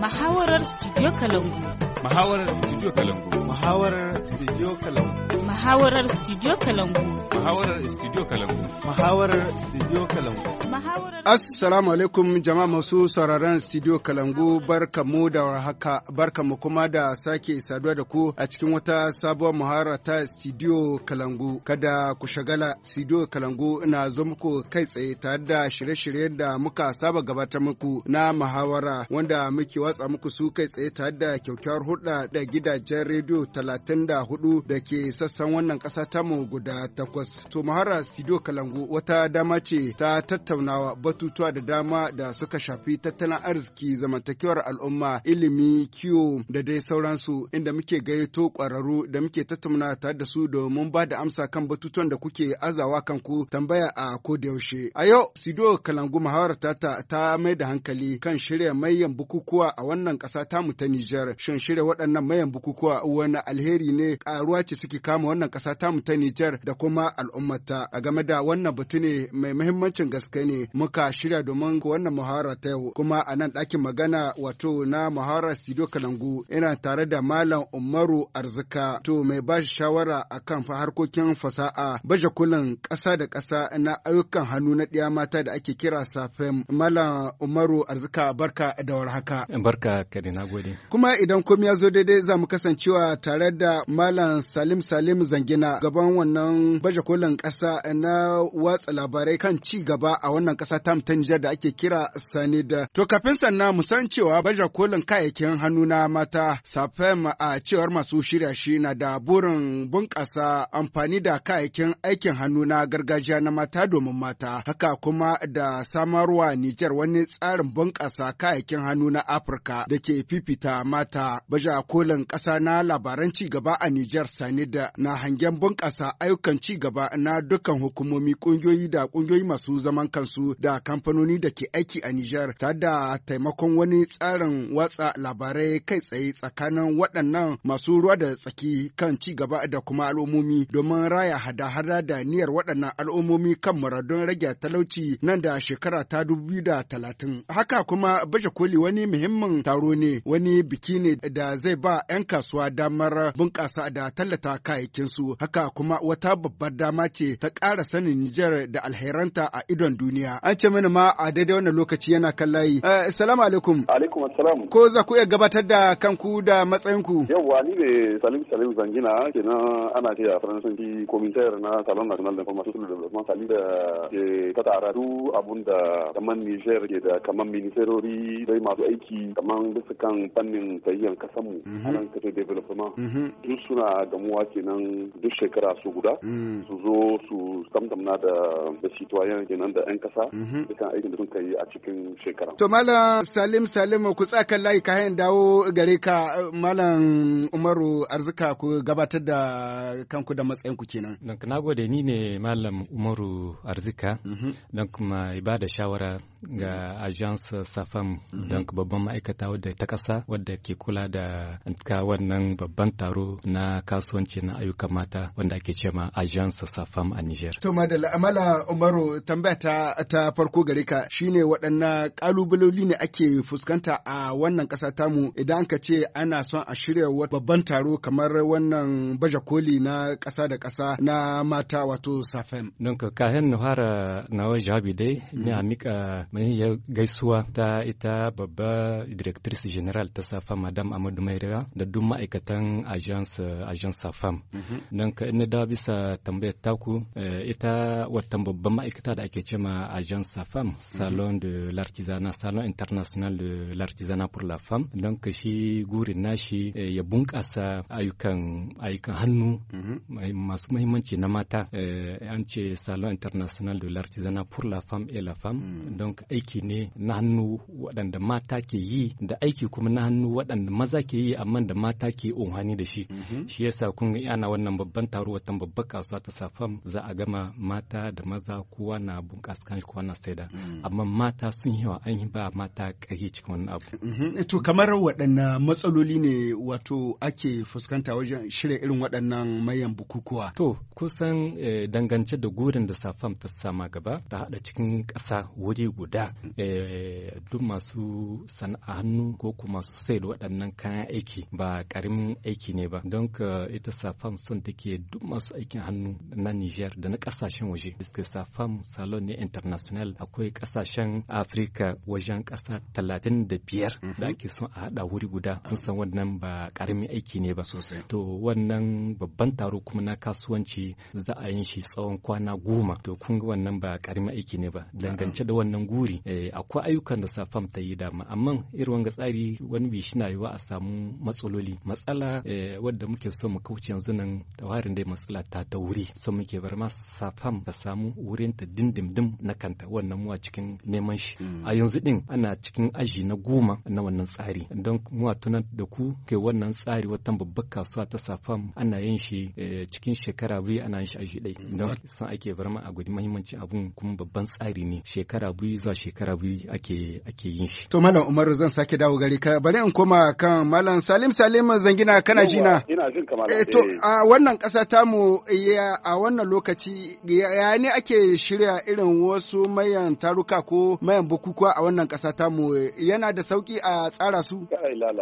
Mahawarar Studio Kalangu. Mahawarar Studio Kalangu. Mahawarar Studio Kalangu. Mahawarar Studio Kalangu. Mahawarar Studio Kalangu. Mahawarar Studio Kalangu. Assalamu alaikum jama'a masu sauraron Studio Kalangu barkamu da warhaka barkamu kuma da sake saduwa da ku a cikin wata sabuwar muhara ta Studio Kalangu kada ku shagala Studio Kalangu na zo muku kai tsaye tare da shirye-shiryen da muka saba gabatar muku na muhawara wanda muke watsa muku su kai tsaye tare da kyaukyawar hulɗa da gidajen rediyo talatin da hudu ke sassan wannan ƙasa tamu guda takwas. To Mahara Sido Kalangu wata dama ce ta tattaunawa batutuwa da dama da suka shafi tattalin arziki zamantakewar al'umma ilimi kiwo da dai sauransu inda muke gayyato ƙwararru da muke tattauna tare da su domin ba da amsa kan batutuwan da kuke azawa kanku tambaya a kodayaushe. A yau Sido Kalangu Mahara ta ta mai da hankali kan shirya mayan bukukuwa a wannan ƙasa mu ta Nijar. Shin shirya waɗannan mayan bukukuwa wani alheri ne ƙaruwa ce suke kama wannan ƙasa tamu ta Nijar da kuma al'ummata. A game da wannan batu ne mai muhimmancin gaske ne muka shirya domin wannan muhawara ta yau kuma a nan ɗakin magana wato na muhawara Sido Kalangu ina tare da Malam Umaru Arzika to mai ba shawara akan harkokin fasaha baje kulan ƙasa da ƙasa na ayyukan hannu na ɗiya mata da ake kira SAFEM. Malam Umaru Arzika barka da warhaka. barka ka na gode. Kuma idan komai ya zo daidai za mu kasancewa tare da Malam Salim Salim Zangina gaban wannan baje kolin ƙasa na watsa labarai kan ci gaba a wannan ƙasa ta ta Nijar da ake kira Sanida. To kafin sannan mu san cewa baje kolin kayayyakin hannu na mata SAFEM a cewar masu shirya shi na da burin bunƙasa amfani da kayayyakin aikin hannu na gargajiya na mata domin mata. Haka kuma da samarwa Nijar wani tsarin bunƙasa kayayyakin hannu na Afirka. Afirka da ke fifita mata baja kolin ƙasa na labaran ci gaba a Nijar sani da na hangen bunƙasa ayyukan ci gaba na dukkan hukumomi ƙungiyoyi da ƙungiyoyi masu zaman kansu da kamfanoni da ke aiki a Nijar tare da taimakon wani tsarin watsa labarai kai tsaye tsakanin waɗannan masu ruwa da tsaki kan ci gaba da kuma al'ummomi domin raya hada-hada da niyyar waɗannan al'ummomi kan muradun rage talauci nan da shekara ta dubu da talatin. Haka kuma baje koli wani muhimmin muhimmin taro ne wani biki ne da zai ba 'yan kasuwa damar bunƙasa da tallata kayayyakinsu haka kuma wata babbar dama ce ta ƙara sanin Nijar da alheranta a idon duniya. An ce mana ma a daidai wannan lokaci yana kan layi. Eh, Salamu alaikum. Alaikum assalam. Ko za ku iya gabatar da kanku da matsayinku? Yawwa ni ne Salim Salim Zangina kenan ana ce a Faransanci Comitaire na Salon National d'Information sur le Développement Salim da ke ta tara duk abun da kamar Nijar ke da kamar ministerori dai masu aiki kamar bisa kan fannin tayyan kasanmu mhm. a nan kata development mhm. duk suna gamuwa kenan duk shekara su guda mhm. su zo su tamtamna da da citoyen kenan da 'yan kasa dukkan aikin da sun yi a cikin shekara. To Malam Salim Salim ku tsakan layi ka dawo gare ka Malam Umaru Arzika ku gabatar da kanku da matsayinku kenan. Don na gode ni ne Malam Umaru Arzika don kuma ba shawara ga Agence Safam don babban ma'aikata ma'aikata wadda ta ƙasa wadda ke kula da ka wannan babban taro na kasuwanci na ayyukan mata wanda ake ce ma Agence Safam a Niger. To madalla Amala Umaru tambaya ta ta farko gare ka shine waɗannan ƙalubaloli ne ake fuskanta a wannan ƙasa tamu idan ka ce ana son a shirya babban taro kamar wannan baje koli na ƙasa da ƙasa na mata wato Safam. Don ka kayan na fara dai mm-hmm. ne a mika mai gaisuwa ta ita babba directrice general ta safam madam amadu mairawa da duk ma'aikatan agence agence safam mhm. don ka ina dawa bisa tambayar taku eh, ita watan babban ma'aikata da ake cema agence safam mhm. salon de l'artisanat salon international de l'artisanat pour la femme don ka shi gurin nashi eh, ya bunƙasa ayyukan ayyukan hannu mhm. masu mahimmanci na mata eh, an ce salon international de l'artisanat pour la femme et la femme mm. don aiki ne na hannu waɗanda mata ke yi yi da aiki kuma na hannu waɗanda maza ke yi amma da mata ke unhani da shi mhm. shi yasa kun ga ana wannan babban taro watan babbar kasuwa ta safam za a gama mata da maza kowa na bunƙasa kan kowa na saida mm. amma mata sun yi wa an yi ba mata ƙarfi cikin wannan abu mhm. eh, to kamar waɗannan matsaloli ne wato ake fuskanta wajen shirya irin waɗannan mayan bukukuwa to kusan eh, dangance da gurin da safam ta sama gaba ta haɗa cikin ƙasa wuri guda mm. eh, duk masu sana'a a hannu ko kuma su sai da waɗannan kayan aiki ba karamin aiki ne ba don ka ita safam sun take duk masu aikin hannu na niger da na ƙasashen waje sa safam salon ne international akwai ƙasashen afirka wajen ƙasa talatin da biyar mhm. da ake son a haɗa wuri guda kun san wannan ba ƙaramin aiki ne ba sosai to wannan babban taro kuma na kasuwanci za a yin shi tsawon kwana goma to kun ga wannan ba karamin aiki ne ba dangance da wannan guri eh, akwai ayyukan da safam ta yi dama amma irin wanga tsari wani bi shi na yiwa a samu matsaloli matsala eh, wadda muke so mu kauce yanzu nan warin dai matsala ta ta wuri so muke bar ma safam ta samu wurin ta dindimdim na kanta wannan mu cikin neman shi hmm. a yanzu din ana cikin aji na goma na wannan tsari don mu tunan da ku ke wannan tsari wata babbar kasuwa ta safam ana yin shi eh, cikin shekara biyu ana yin shi aji ɗai hmm. don san ake bar ma a gudu mahimmancin abun kuma babban tsari ne shekara biyu zuwa shekara biyu ake ake yin shi to malam zan sake dawo gari ka bari in koma kan Malam Salim Salim Zangina kana jina. Eh, to eh. a wannan kasa tamu a wannan lokaci ya ne ake shirya irin wasu mayan taruka ko mayan bukukuwa a wannan kasa tamu yana da sauki a tsara su? la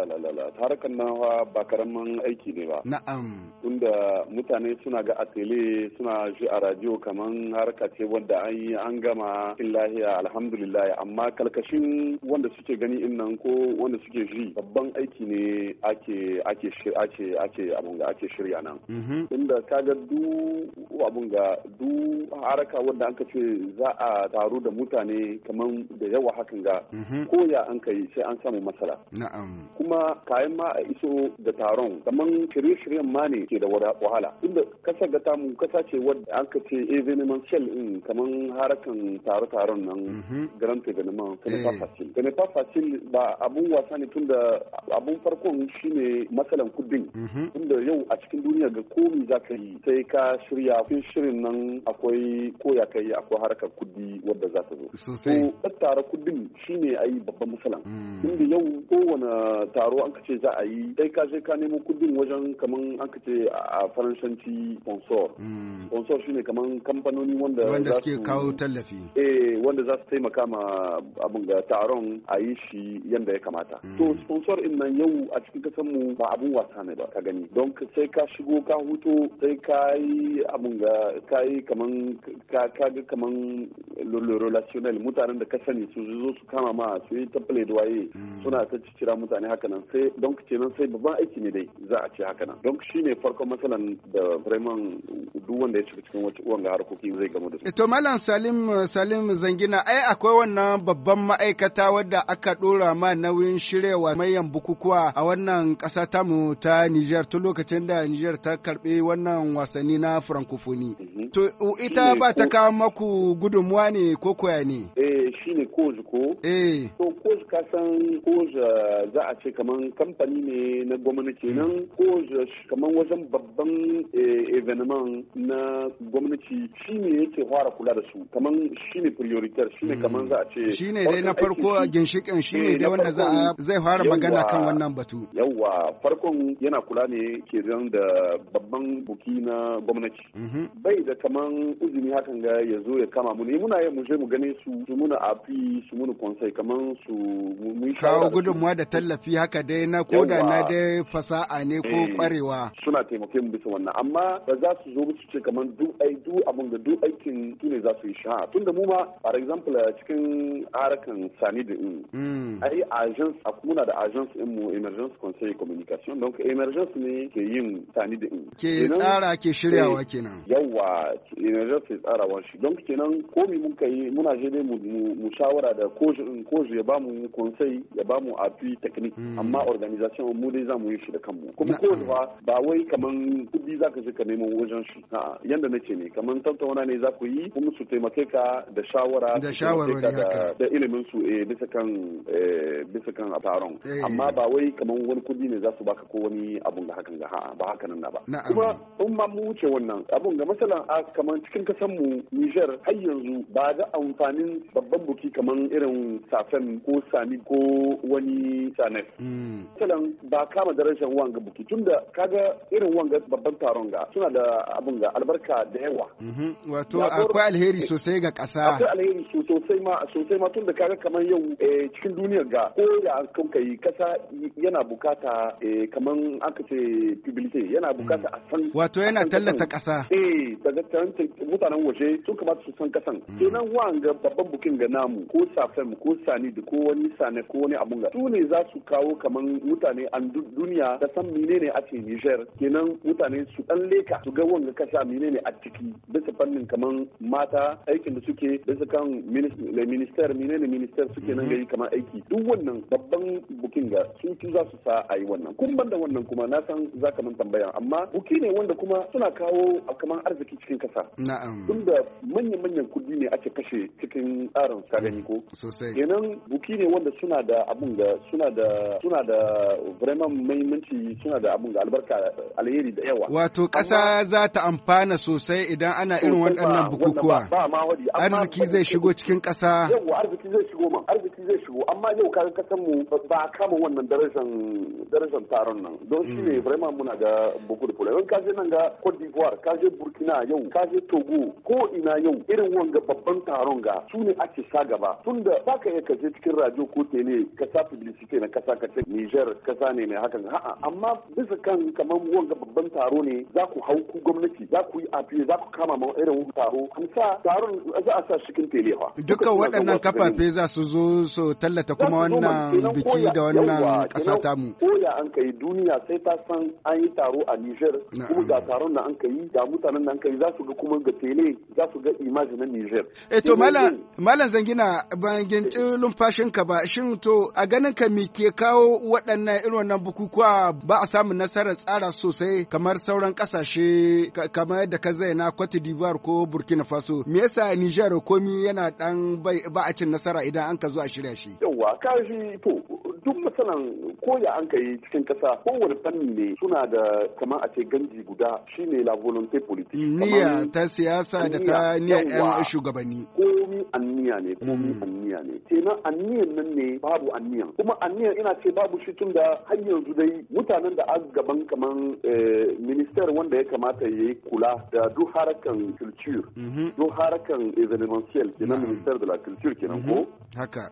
aiki ne ba. Na'am. Tunda mutane suna ga atele suna ji a radio kaman harka wanda an yi an gama in lahiya alhamdulillah amma kalkashin wanda suke gani in nan ko wanda suke ji babban aiki ne ake ake ake ake abun ga ake shirya nan inda mm-hmm. kaga du abun ga du haraka wanda an ce za a taru da mutane kaman da yawa hakan ga mm-hmm. ko ya an kai sai an samu matsala na'am kuma kayan ma a iso da taron kaman shirye-shiryen ma ne ke da wahala inda kasar ga tamu kasa ce wadda anka ce eh, shell in kaman harakan taro-taron nan mm-hmm. grand evenement ka ne pas facile ba a abun wasa ne tunda abun farkon shine matsalan kudin mhm. tunda yau a cikin duniya ga komi za ka yi sai ka shirya kun shirin nan akwai ko ka yi akwai harkar kudi wadda za ta zo sosai tare kudin shine a yi babban matsalan mm. tunda yau kowane taro an ce za a yi sai ka je ka nemo kudin wajen kaman an ce a faransanci sponsor mm. sponsor shine kaman kamfanoni wanda wanda suke kawo tallafi eh wanda za su taimaka ma abun ga taron a yi shi yadda ya kamata hmm. to sponsor in nan yau a cikin kasan mu ba abun wasa ne ba ka gani don sai ka shigo ka huto sai ka yi abun ga ka yi kaman ka ga kaman relational mutanen da ka sani su zo su kama ma su yi ta waye hmm. suna ta cicira mutane haka nan sai don nan sai babban aiki ne dai za a ce haka nan don shine farkon matsalan da vraiment duk wanda ya shiga cikin wanga harkokin zai gamu da su eh, to malam salim salim zangina ai akwai wannan babban ma'aikata wadda aka dora kuma nauyin shirewa mayan bukukuwa a wannan ƙasa tamu ta Nijar tun lokacin da Nijar ta karɓi wannan wasanni na francophonie. Mhm. To ita ba ta kawo maku gudunmuwa ne ko koya ne? Eh shi ne koz ko? Eh. To koz ka san koz uh, za a ce kaman kamfani ne na gwamnati mm. nan koz uh, kaman wajen babban eh, evenement na gwamnati shi ne yake fara kula da su kaman shi ne prioritar shi ne kaman mm. za a ce. Shi ne dai na farko a ginshiƙin shi ne eh, ne wanda zai fara magana kan wannan batu. Yawwa farkon yana kula ne ke da babban buki na gwamnati. Mhm. Bai da kaman uzumi hakan ga ya zo ya kama mu muna yi mu mu gane su su muna afi su muna konsai kaman su mu kawo gudunmuwa da tallafi haka dai na koda na dai fasa'a ne ko eh, kwarewa. Suna taimake mu bisa wannan amma ba za su zo su ce kaman du ai du abun da du aikin su ne za su yi sha tunda mu ma for example cikin harakan sani da in. Mm. ari agence a muna da agence din mu emergence conseil communication donc emergence ne ke yin tani da in ke tsara ke shiryawa eh, kenan yawa emergence ke tsara wa shi donc kenan ko mi mun kai muna je ne mu shawara da ko koji ya mu conseil ya ba mu appui technique hmm. amma organisation mu dai za mu yi shi da kanmu kuma ko da ba wai kaman kudi za ka je ka neman wajen shi a yanda nake ne kaman tantauna ne za ku yi kuma su taimake ka da shawara da shawarwari da ilimin su eh bisa kan eh, bisa kan a taron eh. amma ba wai kamar wani kudi ne za su baka ko wani abun da hakan ga ha'a ba haka na ba kuma in ma mu wuce wannan abun ga masalan a kamar cikin kasan mu Niger har yanzu ba ga amfanin babban buki kamar irin safen ko sami ko wani sanet hmm. masalan ba kama darajar wanga buki tunda kaga irin wanga babban taron ga suna da abun ga albarka da yawa mhm. wato akwai alheri sosai ga kasa akwai alheri sosai ma sosai ma tunda kaga kamar yau eh, cikin duniyar ga ko da an kanka yi kasa yana bukata eh, kaman an ce publicity yana bukata a san wato yana tallata kasa eh daga mutanen waje su kamata su san kasan kenan hmm. wanga babban bukin ga namu ko safem ko sani da ko wani sane ko wani abun ga su ne za su kawo kaman mutane an duniya da san menene a ce Niger kenan mutane su dan leka su ga wanga kasa menene a ciki bisa fannin kaman mata aikin da suke bisa kan minister menene minister suke nan hmm. gari kamar aiki duk wannan babban bukin ga su za su sa a yi wannan kun da wannan kuma na san za ka min tambaya amma buki ne wanda kuma suna kawo a kamar arziki cikin kasa na'am tunda manyan manyan kudi ne ake kashe cikin tsarin sagani ko mm, sosai kenan buki ne wanda suna da abun da suna da suna da vraiment muhimmanci suna da abun da albarka alheri da yawa wato kasa za ta amfana sosai idan ana irin waɗannan bukukuwa arziki zai shigo cikin kasa yawa arziki zai shigo ma arziki zai shigo amma yau kaga kasan mu ba kama wannan darajar darajar taron nan don shi ne vraiment hmm. muna ga bugu da kula in ka je nan ga Cote d'Ivoire ka Burkina yau ka je Togo ko ina yau irin wanga babban taron ga su ne ake sa gaba tunda ba ka iya ka je cikin radio ko tele ka sa publicity na kasa ka ce Niger kasa ne mai hakan ha'a amma bisa kan kamar wanga babban taro ne za ku hau ku gwamnati za ku yi afiye za ku kama ma irin taro an sa taron za a sa cikin tele fa dukkan waɗannan kafafe za su zo su tallata kuma wannan biki da wannan ƙasa tamu. Ko da an kai duniya sai ta san an yi taro a Niger kuma ga taron na an kai da mutanen an kai za su ga kuma ga tele za su ga imaji na Niger. Eh to malam malam zangina ban ginci eh. lumfashin ka ba shin to a ganin ka me ke kawo waɗannan irin wannan bukukuwa ba a samun nasarar tsara sosai kamar sauran ƙasashe kamar yadda ka zaina Cote d'Ivoire ko Burkina Faso me yasa Niger komi yana dan ba a cin nasara idan an ka zo a shirin? shirya shi. Yawwa kashi to duk matsalan ya an kai cikin kasa kowane fanni ne suna da kamar a ce ganji guda shine la volonté politique mm, niyya ta siyasa da ta niyya yan shugabanni komi anniya ne komi mm. anniya ne kenan anniyan nan ne babu anniyan kuma anniyan ina ce babu shi tun da har yanzu dai mutanen da a gaban kaman eh, minister wanda ya kamata ya yi kula da duk harakan culture mhm. duk harakan événementiel kenan minister de la culture kenan mhm. ko haka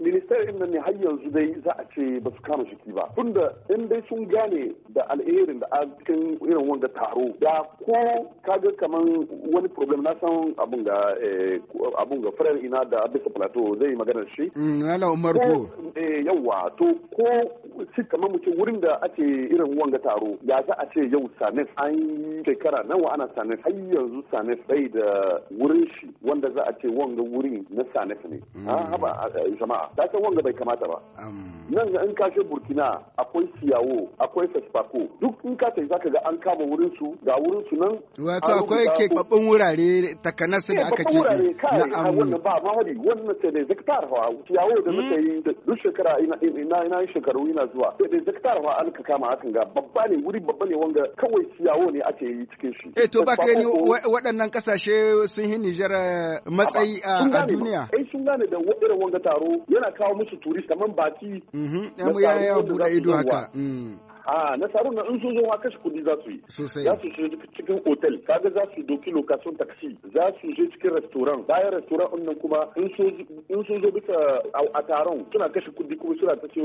minister din nan ne har yanzu dai za a ce ba su kama shiki ba tunda in dai sun gane da alherin da a cikin irin wanga taro da ko kaga kaman wani problem na san abun ga eh, abun ga farar ina da bisa plato zai magana shi mm, Mala Umar ko eh, yawa to ko shi kamar mu wurin da ake irin wanga taro ya za a ce yau sanis an yi shekara nawa ana sanis har yanzu sanis bai da wurin shi wanda za a ce wanga wurin na sanis ne mm. a ah, haba eh, jama'a ta san wanga bai kamata ba nan ga in ka je burkina akwai siyawo akwai sasfako duk in ka tafi zaka ga an kama wurin su ga wurin su nan wato akwai keɓaɓɓen wurare takanas da eh, aka keɓe na amu wannan ba ma hali wannan sai da zaktar hawa siyawo da hmm? muka yi duk shekara ina ina shekaru ina zuwa sai da zaktar hawa an ka kama hakan ga babba ne wuri babba ne wanga kawai siyawo ne ake yi cikin shi eh to ba kai ni waɗannan kasashe sun yi Nijar eh, matsayi a duniya eh sun gane da irin wanga taro yana kawo musu turist kamar baki ya mu ya buɗe ido haka a nasarar na in sun zo ma kashe kuɗi za su yi za su je cikin hotel kaga za su doki lokacin taxi za su je cikin restaurant bayan restaurant din nan kuma in sun zo bisa a taron suna kashe kuɗi kuma suna ta ce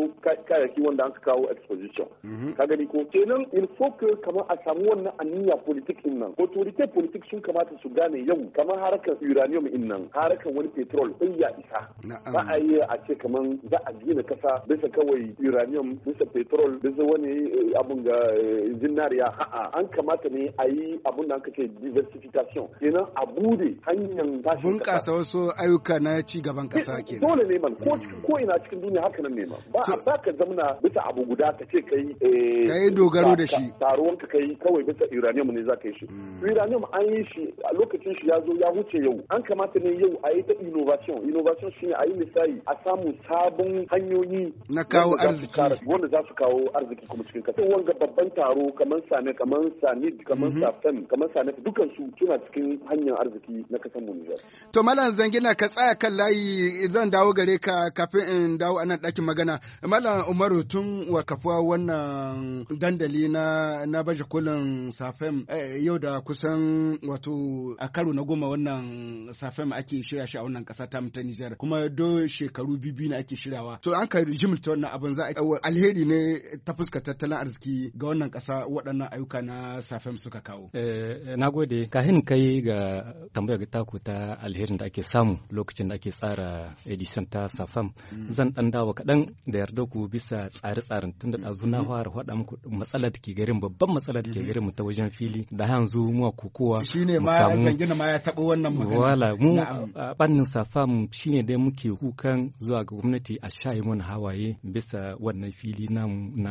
kayaki wanda an kawo exposition mhm. ka gani ko kenan il faut que kamar a samu wannan aniya politik din nan autorité politik sun kamata su gane yau kamar harakar uranium din nan harkar wani petrol sai ya isa ba a yi a ce kamar za a gina kasa bisa kawai uranium bisa petrol bisa wani Eh, abun ga eh, zinariya a'a an kamata ne a yi abun da aka ce diversification kenan a bude hanyar tashi bunƙasa wasu ayyuka na ci gaban ƙasa eh, kenan dole ne man mm. ko ina cikin duniya haka nan ne man ba ba ka zamana bisa abu guda ka ce kai kai dogaro da shi taruwan ka kai kawai bisa uranium ne za ka yi shi mm. uranium an yi shi a lokacin shi ya zo ya wuce yau an kamata ne yau a yi ta innovation innovation ne a yi misali a samu sabon hanyoyi na kawo arziki wanda za su kawo arziki kuma cikin cikin kasa wanga babban taro kamar sami kamar sami kamar mhm. safen kamar sami dukan su suna cikin hanyar arziki na kasar mu Nijar to malam zangina ka tsaya kan layi zan dawo gare ka kafin in dawo anan ɗakin magana malam Umaru tun wa kafuwa wannan dandali na na baje kolin safen eh, yau da kusan wato a karo na goma wannan safen ake shirya shi a wannan kasa ta ta Nijar kuma do shekaru bibi na ake shirawa to an ka jimta wannan abin za a alheri ne ta fuska tattalin tattalin arziki ga wannan ƙasa waɗannan ayyuka na safem suka kawo. Eh, na gode, kahin kai ga tambayar taku ta alherin da ake samu lokacin da ake tsara edition ta safam mm. zan ɗan dawo kaɗan da yarda ku bisa tsare-tsaren tun da mm. ɗazu na mm-hmm. fara faɗa muku matsala da ke garin babban matsala da ke mm-hmm. garin mu ta wajen fili da yanzu mu kokowa. Shi ne ma zangina ma ya taɓa wannan magana. Wala mu a ɓannin safam shine dai muke kukan zuwa ga gwamnati a shayi mana hawaye bisa wannan fili na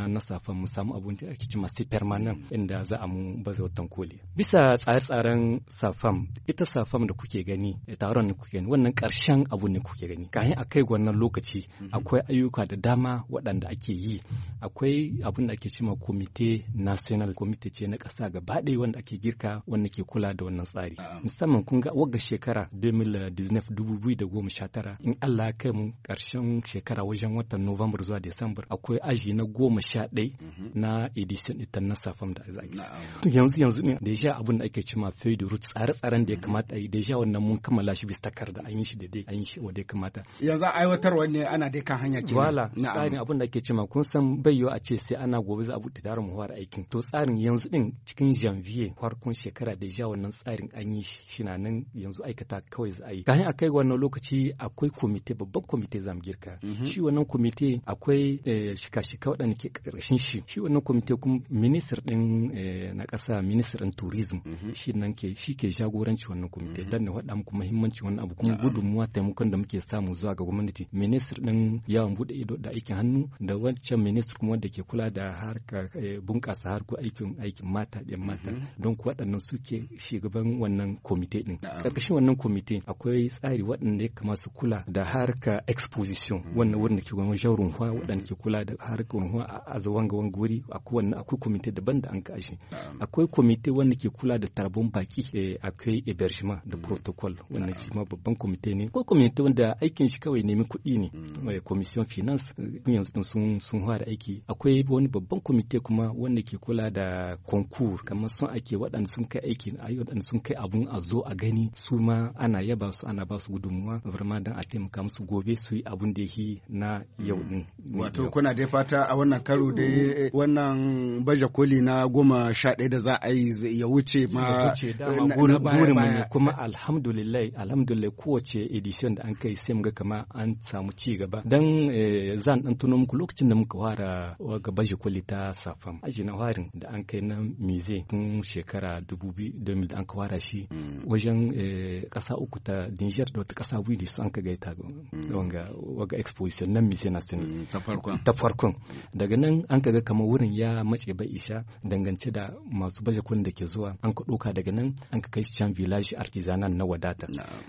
na safam mu samu abun da ake cima sai permanent inda za a mu baza watan koli bisa tsare-tsaren safam ita safam da kuke gani eh, taron da kuke gani wannan karshen abu ne kuke gani kafin a kai wannan lokaci mm-hmm. akwai ayyuka da dama waɗanda ake yi akwai abun da ake cima komite national komite ce na ƙasa gaba ɗaya wanda ake girka wanda ke kula da wannan tsari musamman kun ga wagga shekara 2019 in Allah ya kai mu ƙarshen shekara wajen watan Nuwambar zuwa Desambar akwai aji na goma sha ɗai na edition ɗin na safam da za yanzu yanzu ne da ya abin da ake cema da route tsare-tsaren da ya kamata a yi da ya wannan mun kammala shi bisa takarda an yi shi da dai an yi shi wanda ya kamata yanzu aiwatar ne ana dai kan hanya ke. wala tsarin abin da ake cema kun san bai yiwu a ce sai ana gobe za a buɗe tarin muhawar aikin to tsarin yanzu ɗin cikin janvier farkon shekara da ya wannan tsarin an yi shi na nan yanzu aikata kawai za a yi kafin a kai wannan lokaci akwai komite babban komite zamgirka mhm. shi wannan komite akwai eh, shika-shika waɗanda ke ƙarshen shi shi wannan kwamite kuma minister din eh, na ƙasa minister din tourism mhm. shi nan ke shi ke jagoranci wannan kwamite mhm. dan na faɗa muku muhimmancin wannan abu kuma gudunmuwa taimakon da muke samu zuwa ga gwamnati minister din yawon bude ido da aikin hannu da wancan minister kuma wanda ke kula da harka eh, bunƙasa harko aikin aikin mata ɗin mata mhm. don ku waɗannan suke shugaban wannan kwamite din ƙarƙashin wannan kwamite akwai tsari waɗanda ya kama su kula da harka exposition wannan wurin da ke gwamnati jaurin waɗanda ke kula da harkar runhuwa a zawanga guri akwai wannan akwai komite daban da an kashe akwai komite wanda ke kula da tarbon baki eh, akwai ibershima da mm. protocol wannan shi ma babban komite ne ko komite wanda aikin shi kawai nemi kuɗi ne mm. eh, commission finance eh, yanzu sun sun fara aiki akwai wani babban komite kuma wanda ke kula da concours kamar sun ake waɗanda sun kai a ayi waɗanda sun kai abun a zo a gani su ma ana yaba su ana ba su gudunmuwa vraiment dan a taimaka musu gobe su yi abun da yake na yau din mm. wato kuna dai fata a wannan karo dai wannan baje koli na goma sha ɗaya da za a yi ya wuce ma gurin ne kuma alhamdulillah alhamdulillah kowace edition da an kai sai muga kama an samu ci gaba dan eh, zan dan tuno muku lokacin da muka fara ga baje koli ta safam aji na warin da an kai na mize tun shekara 2000 da an fara shi mm. wajen kasa eh, uku ta Niger da wata kasa wili su an ka gaita mm. wanga exposition na mize national mm, ta farkon daga nan an kaga kamar wurin ya mace bai isha dangance da masu baje kolin da ke zuwa an ka ɗauka daga nan an ka kai shi can village artisanal na wadata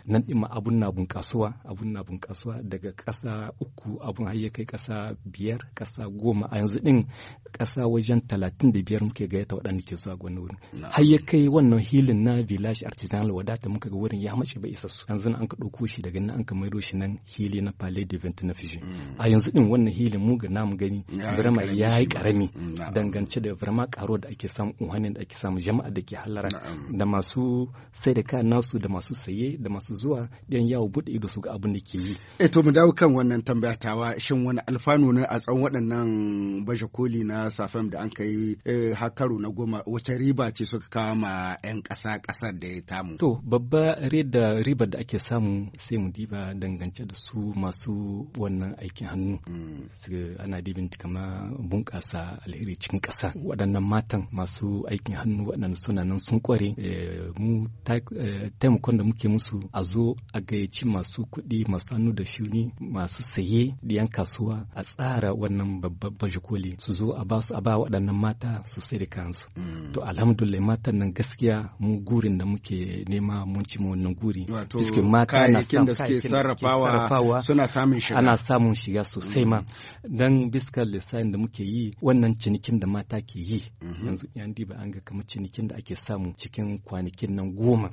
nan ɗin ma abun na bunƙasuwa abun na bunƙasuwa daga ƙasa uku abun har ya kai ƙasa biyar ƙasa goma a yanzu ɗin ƙasa wajen talatin da biyar muke ta waɗanda ke zuwa gwani wurin har ya kai wannan hilin na village artisanal wadata muka ga wurin ya mace bai isa su yanzu an ka ɗauko shi daga nan an ka maido shi nan hili na palais de vente na mm. a yanzu ɗin wannan hilin mu ga namu gani birama ya yi ƙarai karami dangance da vraiment karo da ake samu unhanin da ake samu jama'a da ke hallara da masu sai da kayan nasu da masu saye da masu zuwa yan yawo bude ido su ga abin da ke yi eh to mu dawo kan wannan tambaya tawa shin wani alfanu ne a tsawon waɗannan baje koli na safam da an kai eh, hakaru na goma wace riba ce suka kawo ma yan ƙasa ƙasar da ya tamu to babba da ribar da ake samu sai mu diba dangance da su masu wannan aikin hannu mm. ana dibin kama bunƙasa alheri cikin ƙasa waɗannan matan masu aikin hannu waɗannan suna nan sun kware eh, mu eh, taimakon da muke musu a zo a gayyaci masu kuɗi masu hannu da shuni masu saye diyan kasuwa a tsara wannan babban baje koli su zo a ba su a ba waɗannan mata su sai da kansu mm. to alhamdulillah matan nan gaskiya mu gurin da muke nema mun ci wannan guri biskin mata na sarrafawa suna samun shiga ana samun shiga sosai ma mm. dan biskar lissafin da muke yi wannan cinikin da mata ke yi mhm. yanzu yan diba an ga kamar cinikin da ake samu cikin kwanakin nan goma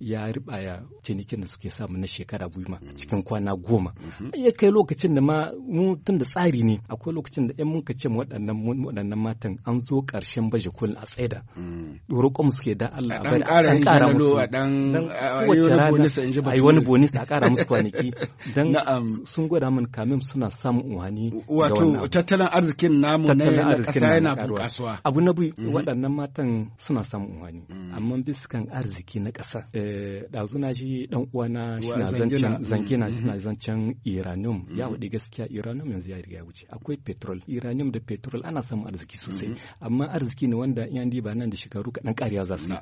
ya ribaya cinikin da suke samu na shekara biyu mhm. cikin kwana goma mhm. ya kai lokacin da ma mu tun da tsari ne akwai lokacin da yan muka ce waɗannan waɗannan matan an zo ƙarshen baje kolin a tsaida mm. roƙon mu suke da Allah a bari an ƙara musu dan kowace a yi wani bonus a ƙara musu kwanaki dan sun gwada min kamin suna samun wani wato tattalin arzikin namu na. tattalin arziki na karuwa abu na biyu mhm. waɗannan matan suna samun umarni mhm. amma biskan arziki na ƙasa eh, ɗazuna shi ɗan uwana shina zancen mhm. zangina shina zancen iranium ya waɗi gaskiya iranium yanzu ya riga ya wuce akwai petrol iranium da petrol ana samun arziki sosai amma arziki ne wanda yan ba nan da shekaru kaɗan ƙariya za su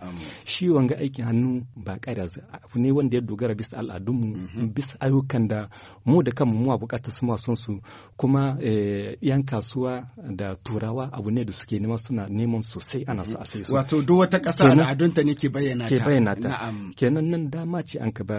shi wanga aikin hannu ba ƙariya abu ne wanda ya dogara bisa al'adunmu bisa ayyukan da mu da kanmu mu buƙatar su ma son su kuma eh, yan kasuwa da turawa abu ne da suke nema suna neman sosai ana so a sai su wato duk wata ƙasa al'adunta ne ke bayyana ta ke bayyana ta kenan nan dama ce an ka ba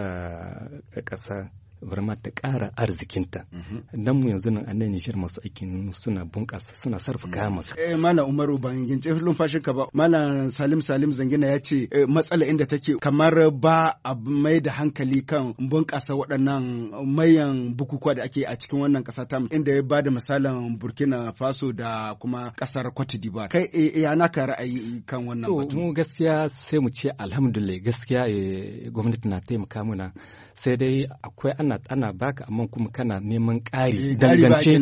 ƙasa barma ta ƙara arzikinta nan mhm. mu yanzu nan annan Nijar masu aikin suna bunƙasa suna sarrafa kaya mhm. masu eh Umaru ban ce lumfashin ka ba malam Salim Salim Zangina ya ce eh, matsala inda take kamar ba a mai da hankali kan bunƙasa waɗannan mayan bukukuwa da ake a cikin wannan ƙasa ta inda ya bada misalin Burkina Faso da kuma ƙasar Cote d'Ivoire kai eh, ya naka ra'ayi kan wannan batu to mu gaskiya sai mu ce alhamdulillah gaskiya eh, gwamnati na taimaka muna sai dai akwai ana ana baka amma kuma kana neman ƙari eh, dangance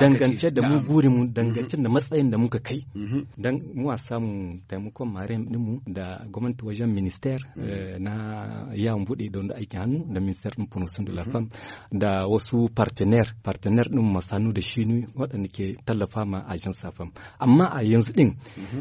dangance da mu burin mu mhm. dangance da matsayin da muka kai mhm. dan mu a samu taimakon marem din mu da gwamnati wajen minister mhm. eh, na yawon bude da wanda aikin hannu da minister din promotion da wasu partenaire partenaire din masanu da shi waɗanda ke tallafa ma ajin safam amma a yanzu din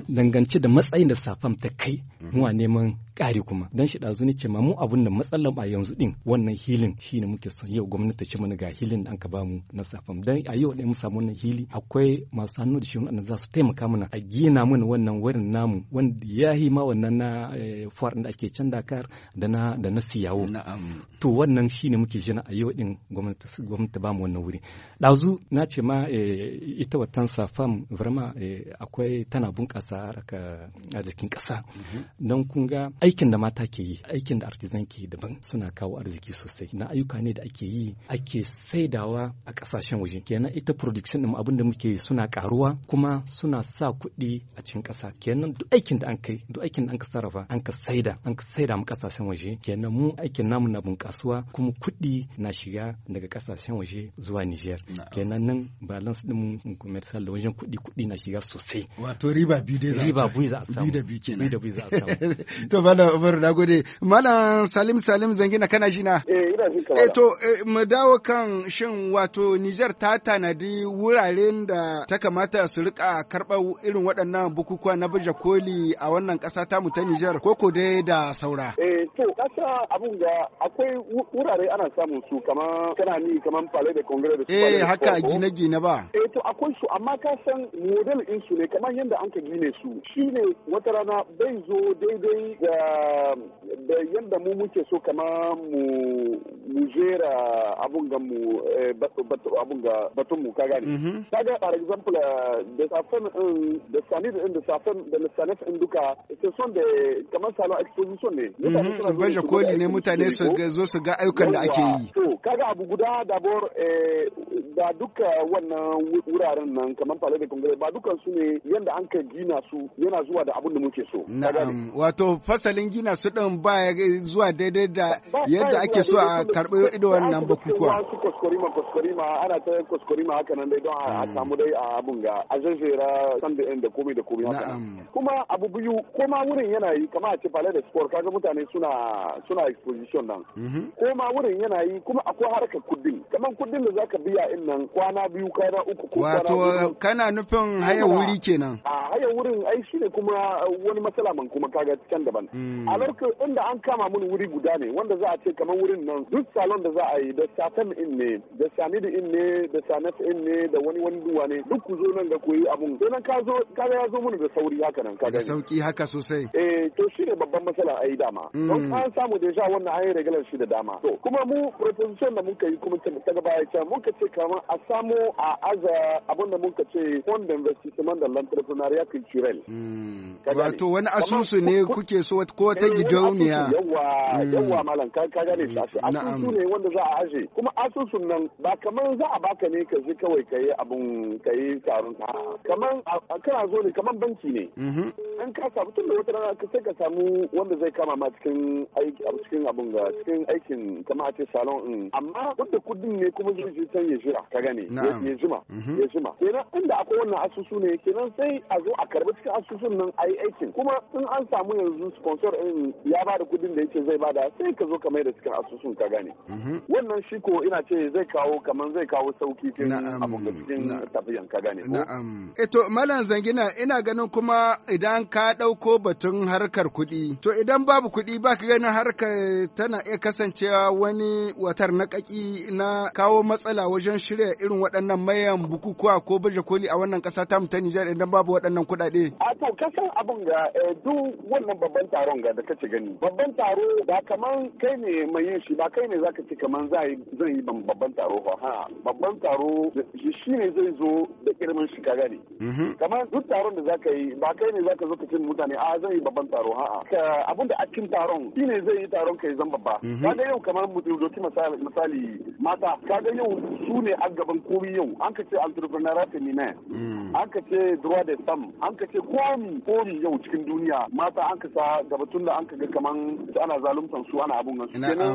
dangance da matsayin da safam ta kai mu neman ƙari kuma dan shi ɗazu ni ce ma mu abun da matsalar a yanzu din wannan hilin shine muke son yau gwamnati ce mana ga hilin da an ka bamu na safam dan a yau da mu samu wannan hili akwai masu hannu da shi wannan za su taimaka mana a gina mana wannan wurin namu wanda ya yi ma wannan na eh, fuwar da ake can Dakar da na da na siyawo to wannan shine muke jina a yau din gwamnati gwamnati bamu wannan wuri dazu na ce ma eh, ita watan safam vraiment eh, akwai tana bunƙasa a jikin ƙasa mhm. don kun ga aikin da mata ke yi aikin da artisan ke daban suna kawo arziki arziki sosai na ayyuka ne da ake yi ake saidawa a kasashen waje kenan ita production din abin da muke suna karuwa kuma suna sa kuɗi a cikin ƙasa kenan duk aikin da an kai duk aikin da an ka sarrafa an ka saida an ka saida mu kasashen waje kenan mu aikin namu na bunƙasuwa kuma kuɗi na shiga daga kasashen waje zuwa Niger kenan nan balance din mu commercial da wajen kuɗi kuɗi na shiga sosai wato riba biyu dai za riba biyu za a samu biyu da biyu za a samu to bala Umar nagode malam Salim Salim zangina kana shi na? Eh, ina jin kamar. Eh, to, eh, mu dawo kan shin wato Nijar ta tanadi wuraren da ta kamata su rika karɓar irin waɗannan bukukuwa na baje koli a wannan ƙasa tamu ta Nijar koko dai da saura. Eh, to, kasa abun da akwai wurare ana samun su kamar kana ni kamar Palais de Congrès da Eh, haka gine-gine ba. Eh, to akwai su amma ka san model in su ne kamar yadda an ka gine su. Shine wata rana bai zo daidai da yanda mu muke so kamar mu mu jera abun ga mu eh, abun ga batun mu ka gane mhm. kaga for example eh, da safan din da sanid din da safan da sanif din duka ce son da kamar salon exposition ne mhm. baje koli ne mutane su zo su ga ayyukan da ake yi to kaga abu guda bor eh, da duka wannan wuraren nan kamar palais de congrès ba dukan su ne yanda an ka gina su yana zuwa da abun da muke so na'am wato fasalin gina su din ba zuwa daidai da yadda ake so a karɓi ido wannan bukukuwa kwaskwarima kwaskwarima ana ta kwaskwarima haka nan dai don a hmm. samu dai a abun ga a jajjera san da da komai da komai haka kuma abu biyu koma wurin yana yi kama a ce palais da sport kaga mutane suna suna exposition nan mhm. Koma wurin yana yi kuma akwai harkar kuɗin kamar kuɗin da zaka biya in nan kwana biyu kwana uku ko wato kana nufin haya wuri kenan a haya wurin ai shine kuma wani matsala man kuma kaga can daban hmm. a lokacin inda an kama mun wuri guda ne wanda za a ce kamar wurin nan duk salon da za a yi da satam in ne da da in ne da sanat in ne da wani wani duwa ne duk ku zo nan ga koyi abun sai nan ka zo ka ya zo mun da sauri haka nan ka da sauki haka sosai eh to shi ne babban matsala ai dama mm. don an samu da sha wannan an yi regalar shi da dama to kuma mu proposition da muka yi kuma ta gaba ya ta muka ce kama a samu a aza abin da muka ce fund d'investissement da entrepreneurial culturel mm. wato wani asusu ne kuke so ko ta eh, gidauniya yawa mm. yawa malam ka gane da shi asusu ne wanda za a aje kuma asusun nan ba kamar za a baka ne ka ji kawai ka yi abun ka yi taron ta kamar kana zo ne kamar banki ne mhm. an ka samu tun da wata rana ka sai ka samu wanda zai kama ma cikin aiki a cikin abun ga cikin aikin kamar a ce salon din amma wanda kudin ne kuma zai je can ya jira ka gane ya jima mhm. ya jima kenan inda akwai wannan asusu ne kenan sai a zo a karbi cikin asusun nan a yi aikin kuma in an samu yanzu sponsor din ya ba da kudin da yake zai bada sai ka zo ka mai da cikin A asusun ka gane mhm. wannan shi ko ina ce zai kawo kamar zai kawo sauki cikin tafiyan ka gane na'am eto eh malam zangina ina ganin kuma idan ka ɗauko batun harkar kuɗi to idan babu kuɗi ba ka ganin harkar tana iya kasancewa wani watar na ƙaƙi na kawo matsala wajen shirya irin waɗannan mayan bukukuwa ko baje koli a wannan ƙasa ta ta Nijar idan babu waɗannan kuɗaɗe. A to kasan abin ga eh, duk wannan babban taron ga da kace gani babban taro ba kaman kai ne mai yin shi ba kai ne ka ce kaman zan yi babban taro ba ha babban taro shi ne zai zo da kirmin shi ka gani mm-hmm. kamar duk taron da ka yi ba kai ne ka zo ka ce mutane a ah, zan yi babban taro ha abin da a taron shi ne zai yi taron kai zan babba mm-hmm. ga yau kamar mutum doki misali mata ga yau su ne a gaban komi yau an ka ce entrepreneur ne mm. an ka ce droit de sam an ka ce komi komi yau cikin duniya mata an ka sa gaba tun da an ka ga kaman ana zaluntan su ana abun nan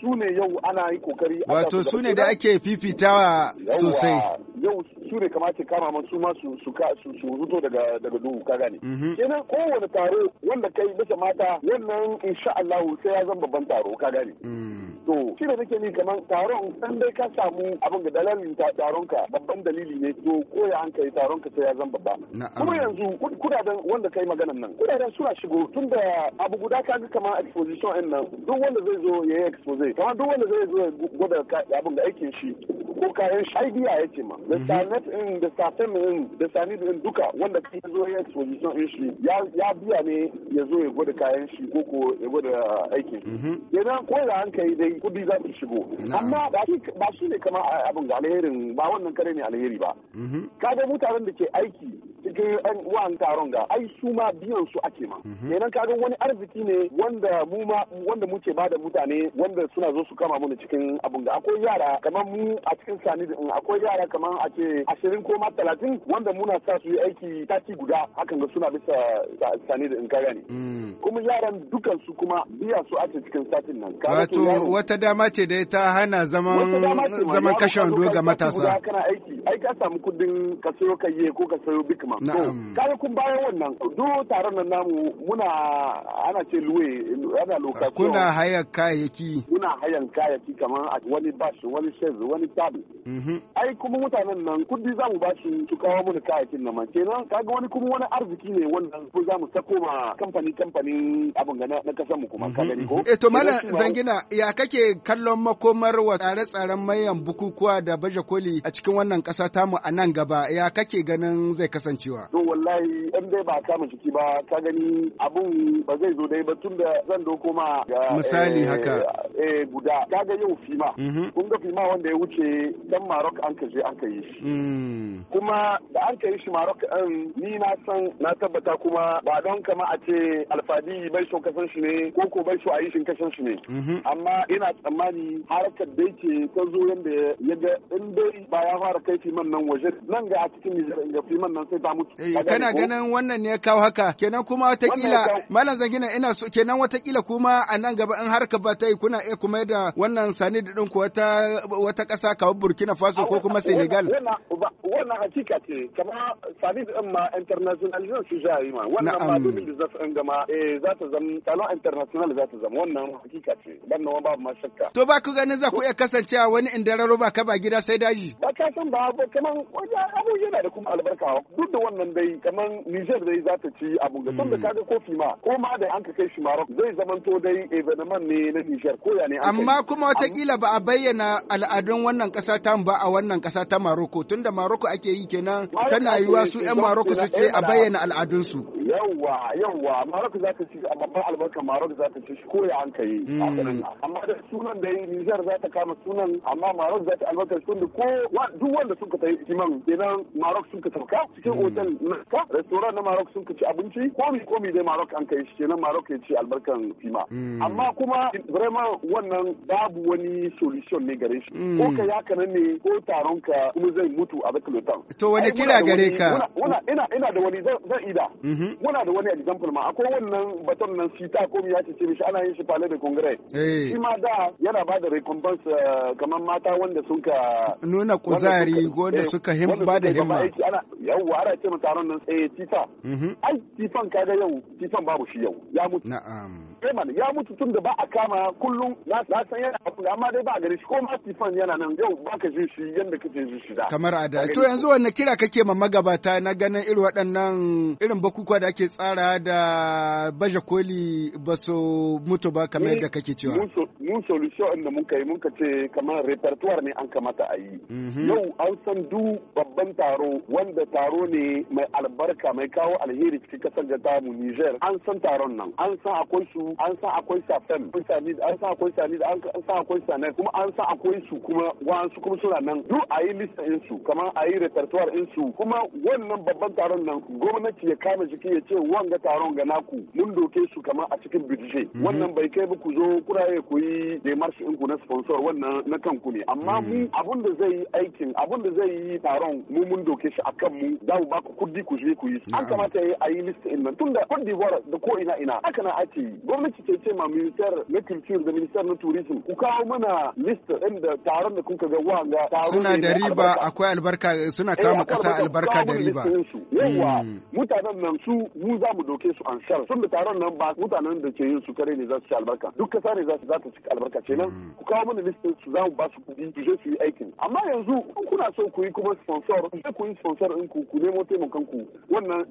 su ne yau ana yi kokari wato su ne da ake fifitawa sosai yau su ne kamata kama man su ma su su ruto daga daga duhu ka gane mhm. kenan kowane taro wanda kai bisa mata wannan insha Allah sai ya zama babban taro ka gane mm. to shi da nake ni kaman taron san dai ka samu abin da dalalin taron ka babban dalili ne to ko ya an kai taron ka sai ya zama babba kuma yanzu kudaden wanda kai maganan nan kudaden suna shigo tunda abu guda kaga kaman exposition ɗin nan duk wanda zai zo ya yi expose kamar duk wanda zai zo gwada abin da aikin shi ko kayan shi idea ya ce ma da sanet in da satem in da sanid in duka wanda ka zo ya exposition in shi ya biya ne ya zo ya gwada kayan shi ko ko ya gwada aikin idan mm-hmm. ko da an kai dai kudi za su shigo amma ba shi ne kamar abin ga alherin ba wannan kare ne alheri ba mm-hmm. kaga mutanen da ke aiki cikin yan wa'an taron ga ai su ma biyan su ake ma mm-hmm. kenan kaga wani arziki ne wanda mu ma wanda muke ba da mutane wanda suna zo su kama mu cikin abun da akwai yara kamar mu a cikin sani din akwai yara kamar a ce ashirin ko ma talatin wanda muna sa su yi aiki taki guda hakan ga suna bisa sani da in ne mm. Kuma yaran dukan su kuma biya su a cikin satin nan. Wato wata dama ce da ta hana zaman zaman kashe wando ga matasa. Kana aiki ai ka samu kudin ka sayo kayye ko ka sayo bikma. kai Kare kun bayan wannan duk taron nan namu muna ana ce luwe ana lokaci Kuna haya kai kayayyaki muna hayan kayaki kamar a wani bashi wani shez wani tabi mhm. ai kuma mutanen nan kudi za mu bashi su kawo mana kayakin nan kenan kaga wani kuma wani arziki ne wannan ko za mu sako ma kamfani kamfani abin ga na kasan mu kuma ka mhm, gani mhm. ko eh to malam zangina ya kake kallon makomar wa tsare-tsaren mayan bukukuwa da baje koli a cikin wannan kasa tamu a nan gaba ya kake ganin zai kasancewa to wallahi in dai ba kama ciki ba ka gani abun ba zai zo dai ba tunda zan doko ma misali eh, haka yeah. Eh, guda kaga yau fima mhm. kun ga fima wanda ya wuce dan marok an ka je an ka yi shi mm. kuma da an ka yi shi marok an ni na san na tabbata kuma ba don kama a ce alfadi bai so kasan shi ne ko ko bai so a yi shi kasan shi ne mhm. amma ina tsammani harkar da yake ta zo yanda ya ga in dai ba ya fara kai fiman nan waje nan ga a cikin nijar ga fiman nan sai ta mutu eh, kana ganin wannan ne ya kawo haka kenan kuma watakila malam zangina ina so kenan watakila kuma a nan gaba in harka ba ta yi kuna iya kuma da wannan sani da ɗin wata wata ƙasa kamar Burkina Faso ko kuma Senegal. Wannan hakika ce kama sani da ma international internationalization su ja yi ma wannan ma dubin da zasu in gama eh, za ta zama talon international za ta zama wannan hakika ce dan nan babu ma shakka. To ba ku ganin za ku iya kasancewa wani indararo ba ka ba gida sai daji. Ba ka san ba kaman abu yana da kuma albarka duk da wannan dai kaman Niger dai za ta ci abu ga tun da hmm. kaga kofi ma ko ma da an ka kai shi Maroc zai zamanto dai evenement ne na Niger ko sauya ne. Amma kuma watakila ba a bayyana al'adun wannan ƙasa ta ba a wannan ƙasa ta Maroko tunda Maroko ake yi kenan tana yiwa su 'yan Maroko su ce a bayyana al'adunsu. Yawwa yawwa Maroko za ta ci amma ba albarka Maroko za ta ci shi ko ya an yi. Hmm. Amma da sunan da yi Nijar za ta kama sunan amma Maroko za ta albarka tunda ko duk wanda suka yi kiman kenan Maroko suka tafka cikin hmm. otal na ka restaurant na Maroko ka ci abinci komi komi dai Maroko an kai shi kenan Maroko ya ci albarkan kima. Hmm. Amma kuma vraiment wannan babu wani solution ne gare shi hmm. ko ka ya kana ne ko taron ka kuma zai mutu a zaka lotan to wani kira gare ka ina ina da wani zan ida mm-hmm. muna da wani example ma akwai wannan baton nan sita ko ya ce mishi ana yin shi fale da congress eh. shi ma da yana ba da recompense eh, kamar mata wanda sun ka nuna kuzari wanda suka eh, him ba da himma yawwa ana ce taron nan eh tita mm-hmm. ai tifan kaga yau tifan babu shi yau ya mutu na'am sai eh, mana ya mutu tun da ba a kama kullum na san yana abu amma dai ba a gare shi ko ma Stefan yana nan yau ba ka ji shi yanda kake ji shi da. Kamar a da. To yanzu wanne kira kake ma magabata na ganin irin waɗannan irin bakukuwa da ake tsara da baje koli ba su mutu ba kamar yadda eh, kake cewa. Mun solution inda mun kai mun ka ce kamar repertoire ne an kamata a yi. Mhm. Yau an san du babban taro wanda taro ne mai albarka mai kawo alheri cikin kasar da mu Niger an san taron nan an san akwai su an sa akwai safem akwai an sa akwai sanid an sa akwai kuma an sa akwai su kuma wasu kuma suna nan duk a yi lista in su kama a yi repertoire in su kuma wannan babban taron nan gwamnati ya kama jiki ya ce wanga taron ga naku mun doke su kama a cikin bidje mhm. wannan bai kai ba ku zo kuraye ku yi demarsh in ku na sponsor wannan na kanku ne amma mu mhm. abun da zai yi aikin abun da zai yi taron mu mun doke shi akan mu za mu ba ku kudi ku je ku yi an kamata ya a yi lista in nan tunda Cote d'Ivoire da ko ina ina haka na ake yi gwamnati ce ce ma minister na culture da minister na tourism ku kawo mana list din da taron da kuka ga wanga suna da riba akwai albarka suna eh, kama kasa albarka da riba yawa hmm. mutanen nan su mu za mu doke su an shar sun da taron nan ba mutanen da ke yin su kare ne za su ci albarka duk kasa ne za su za ci albarka kenan hmm. ku kawo mana list din su za mu ba su kudi su je su yi aikin amma yanzu kuna so ku yi kuma sponsor sai ku yi sponsor ɗin ku ku nemo taimakon ku wannan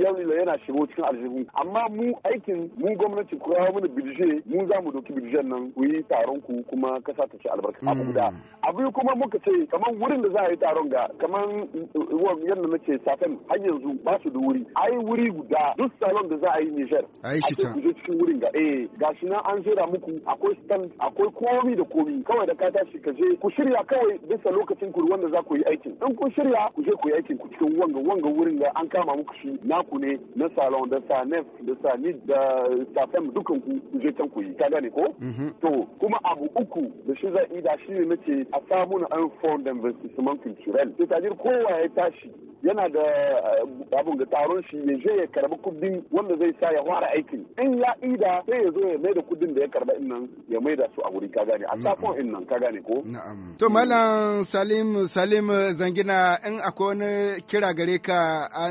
yana shigo cikin aljihu amma mu aikin mu gwamnati ku yawo mana bidje mu za mu doki bidjen nan ku yi taron ku kuma kasa ta ci albarka abu guda mm. abu kuma muka ce kaman wurin da za a yi taron ga kaman uh, uh, yadda nake safen har yanzu ba su da wuri ai wuri guda duk salon da za a yi nijar a ce ku je cikin wurin ga eh gashi nan an shirya muku akwai stand akwai komi da komi kawai da ka tashi ka je ku shirya kawai bisa lokacin ku wanda za ku yi aikin in kun shirya ku je ku yi aikin ku cikin wanga wanga wurin da an kama muku shi naku ne na salon da sa nef da sa nid da sa dukan ku je can ku yi ka gane ko mhm. to kuma abu uku da shi za ida shi ne nace a samu na an fond d'investissement culturel c'est-à-dire kowa ya tashi yana da eh, abun ga taron shi ya je ya karbi kudin wanda zai sa ya fara aiki in ya ida sai ya zo ya mai da kudin da ya karba in nan ya mai da su a wuri ka gane a safon in nan ka gane ko na'am to malam salim salim zangina in akwai wani kira gare ka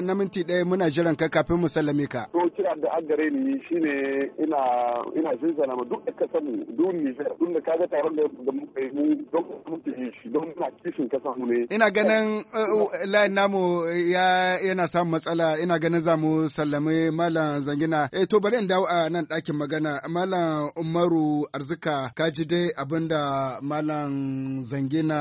na minti ɗaya muna jiran ka kafin mu sallame ka to kira da an gare ni shine ina ina jin sana ma duk ka sani duk sai tun da kaga taron da da mu kai mu don mu shi don muna kishin ka mu ne ina ganin eh, eh, layin namu ya yana samun matsala ina ganin za mu sallame malam zangina. eh to bari in dawo a nan ɗakin magana malam Umaru Arzika ka ji dai abin da malam zangina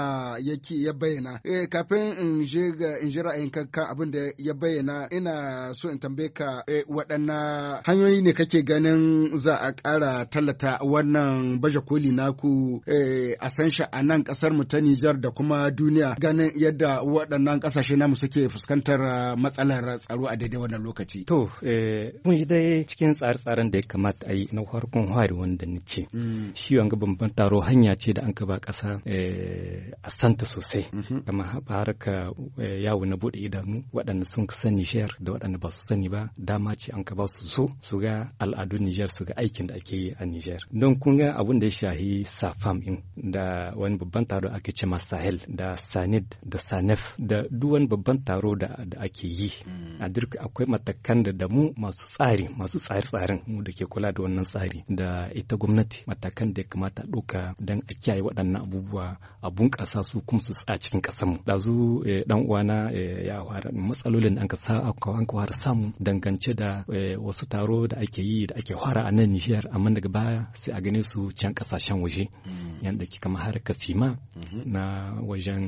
yake ya bayyana. eh kafin in je ga in ji ra'ayin abin ya bayyana ina so in tambaye ka eh waɗanna hanyoyi ne kake ganin za a ƙara tallata wannan baje koli naku eh a san shi a nan ƙasar mu ta Nijar da kuma duniya ganin yadda waɗannan ƙasashe namu suke fuskantar uh, matsalar tsaro a daidai wannan lokaci? To, eh, mun yi dai cikin tsare-tsaren da ya kamata a yi na farkon hari wanda ce. Mm. Shi wanga babban taro hanya ce da an ba ƙasa eh, a santa sosai. Kama mm-hmm. harka eh, yawo na buɗe idanu waɗanda sun sani shayar da waɗanda ba su sani ba dama ce an ba su so su ga al'adun Nijar su ga aikin da ake yi a Nijar. Don kun ga abin da ya shahi Safam in da wani babban taro ake ce Sahel da Sanid da Sanef da duk wani babban taro taro da ake yi mm. a duk akwai matakan da mu masu tsari masu tsari tsarin mu da ke kula da wannan tsari da ita gwamnati matakan da ya kamata ɗauka don a kiyaye waɗannan abubuwa a bunƙasa su kuma su tsa cikin ƙasar mu ɗazu eh, ɗan uwana eh, ya fara matsalolin da an fara samu dangance da eh, wasu taro da ake yi da ake fara a nan Nijar amma daga baya sai a gane su can ƙasashen waje mm. yanda kika kamar harkar fima mm-hmm. na wajen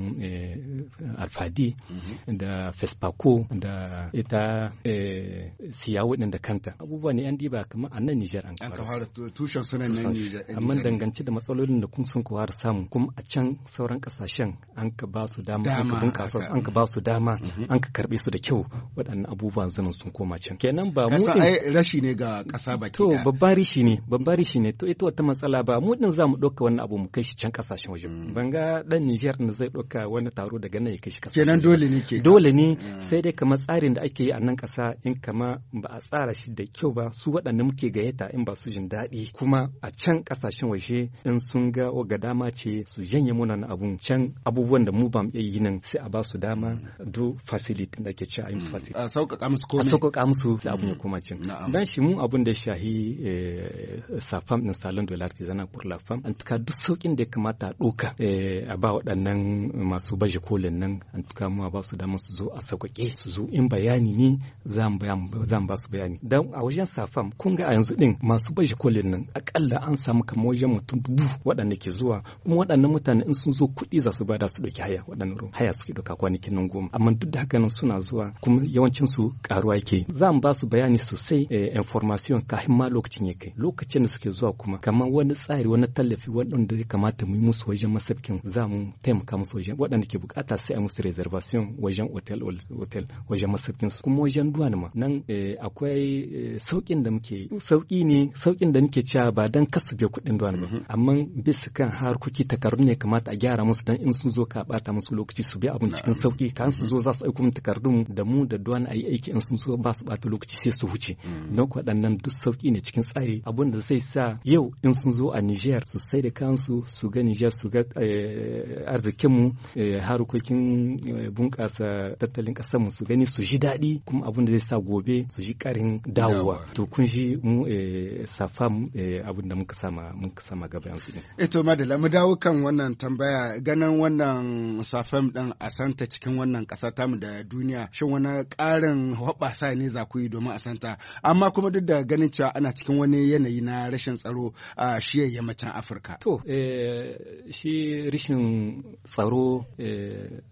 alfadi mm-hmm. da da fespaco da ita eh, siya waɗanda kanta abubuwa ne yan diba kamar a nan nijar an kawar tushen suna nan nijar eh, amma dangance da matsalolin da kun sun kawar samu kuma a can sauran kasashen an ka ba su dama an ka bunkasa an ka ba su dama mm-hmm. an ka karbe su da kyau waɗannan abubuwan zanen sun koma can kenan ba mu din rashi ne ga ƙasa baki to babbar rashi ne babbar rashi ne to ita wata matsala ba mu din zamu ɗauka wannan abu mu kai shi can kasashen waje mm. ban ga dan Nijar da zai ɗauka wani taro daga nan ya kai shi kasashen kenan dole ne ke dole dole ne mm. sai dai kamar tsarin da ake yi a nan ƙasa in kama ba a tsara shi da kyau ba su waɗanda muke gayyata in ba su jin daɗi kuma a can ƙasashen waje in sun ga waga dama ce su janye muna na abun can abubuwan da mu ba mu yi nan sai a ba su dama mm. do facility da ke ci a yi musu mm. facility. A sauƙaƙa musu komai. A sauƙaƙa musu da abun ya koma can. Dan shi mu abun da shahi eh, safam din salon dolar ce zana kurla fam an tuka duk sauƙin da ya kamata a ɗoka eh, a ba waɗannan masu baje kolin nan an tuka mu a ba su dama su zo a sauƙaƙe su zo in bayani ne zan ba su bayani don a wajen safam kun ga a yanzu din masu bashi kolin nan akalla an samu kamar wajen mutum dubu waɗanda ke zuwa kuma waɗannan mutane in sun zo kuɗi za su bada su ɗauki haya waɗannan ruwan haya suke ɗauka kwanakin nan goma amma duk da haka nan suna zuwa kuma yawancin su ƙaruwa yake zan ba su bayani sosai eh, information kafin ma lokacin ya kai lokacin da suke zuwa kuma kamar wani tsari wani tallafi waɗanda ya kamata mu yi musu wajen masafkin za mu taimaka musu wajen waɗanda ke bukata sai a musu reservation wajen hotel hotel wajen masaukin kuma wajen duwan ma nan eh, akwai eh, saukin da muke sauki ne saukin da muke cewa ba dan kasafe kuɗin duwan ba mm-hmm. amma bisa kan harkoki takardu ne kamata a gyara musu dan in sun zo ka bata musu lokaci su bi abun cikin sauki kan su zo mm-hmm. za su aiko mu takardun da mu da duwan ayi aiki in sun zo ba su bata lokaci sai su huce mm-hmm. don waɗannan duk sauki ne cikin tsari abun da zai sa yau in sun zo a Niger su sai da kansu su ga Niger su ga eh, arzikinmu harkokin bunƙasa tattalin kasar mu su gani su ji daɗi kuma abin da zai sa gobe su ji karin dawowa to kun shi mu eh, safa eh, abin da muka sama muka sama gaba yanzu eh to madalla mu dawo kan wannan tambaya ganin wannan safam din a santa cikin wannan ƙasa tamu da duniya shin wani ƙarin hoɓɓasa ne za ku yi domin a santa amma kuma duk da ganin cewa ana cikin wani yanayi na rashin tsaro a shiyar yammacin afirka to eh, shi rashin tsaro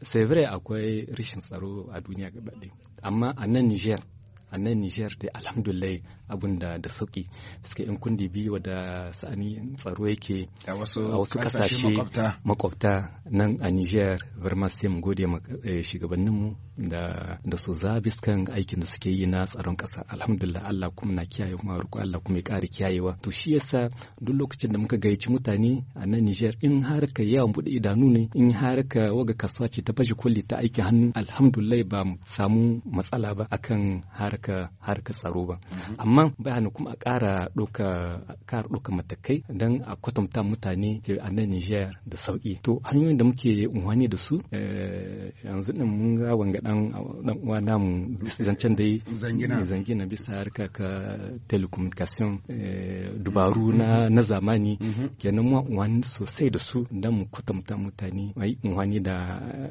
sevre akwai rashin tsaro a duniya gaba ɗaya amma a nan niger a nan niger dai alhamdulillah abun da da sauki suka yan kundi biyu da sa'ani tsaro yake a wasu kasashe makwabta nan a Niger verma sai mu gode eh, shugabanninmu da da su zabis kan aikin da suke yi na tsaron kasa alhamdulillah Allah kuma na kiyaye kuma roƙo Allah kuma ya ƙara kiyayewa to shi yasa duk lokacin da muka gayyaci mutane a nan Niger in har ka yawan bude idanu ne in har ka waga kasuwa ce ta bashi kulli ta aiki hannu alhamdulillah ba mu samu matsala ba akan harka harka tsaro ba mhm. amma amma bayani kuma a ƙara ɗauka matakai don a kwatanta mutane a nan Nijar da sauƙi to hanyoyin da muke unhwani da su eh, yanzu ɗin mun ga wanga ɗan uwa namu zancen dai zangina bisa harka ka telecommunication eh, dubaru na na zamani mm-hmm. kenan mu unhwani sosai da su don mu kwatanta mutane ai unhwani da